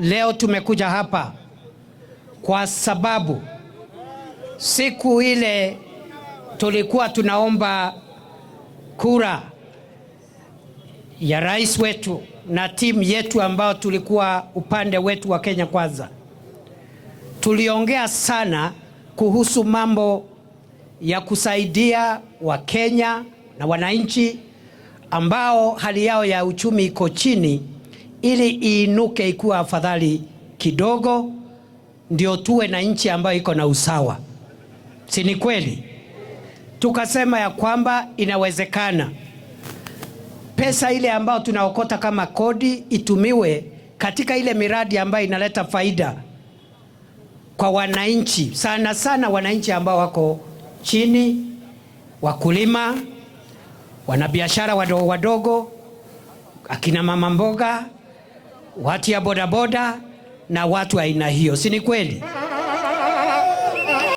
Leo tumekuja hapa kwa sababu siku ile tulikuwa tunaomba kura ya rais wetu na timu yetu ambao tulikuwa upande wetu wa Kenya Kwanza, tuliongea sana kuhusu mambo ya kusaidia Wakenya na wananchi ambao hali yao ya uchumi iko chini ili iinuke ikuwa afadhali kidogo, ndio tuwe na nchi ambayo iko na usawa. Si ni kweli? Tukasema ya kwamba inawezekana pesa ile ambayo tunaokota kama kodi itumiwe katika ile miradi ambayo inaleta faida kwa wananchi, sana sana wananchi ambao wako chini, wakulima, wanabiashara wadogo wadogo, akina mama mboga watu ya bodaboda na watu aina hiyo, si ni kweli?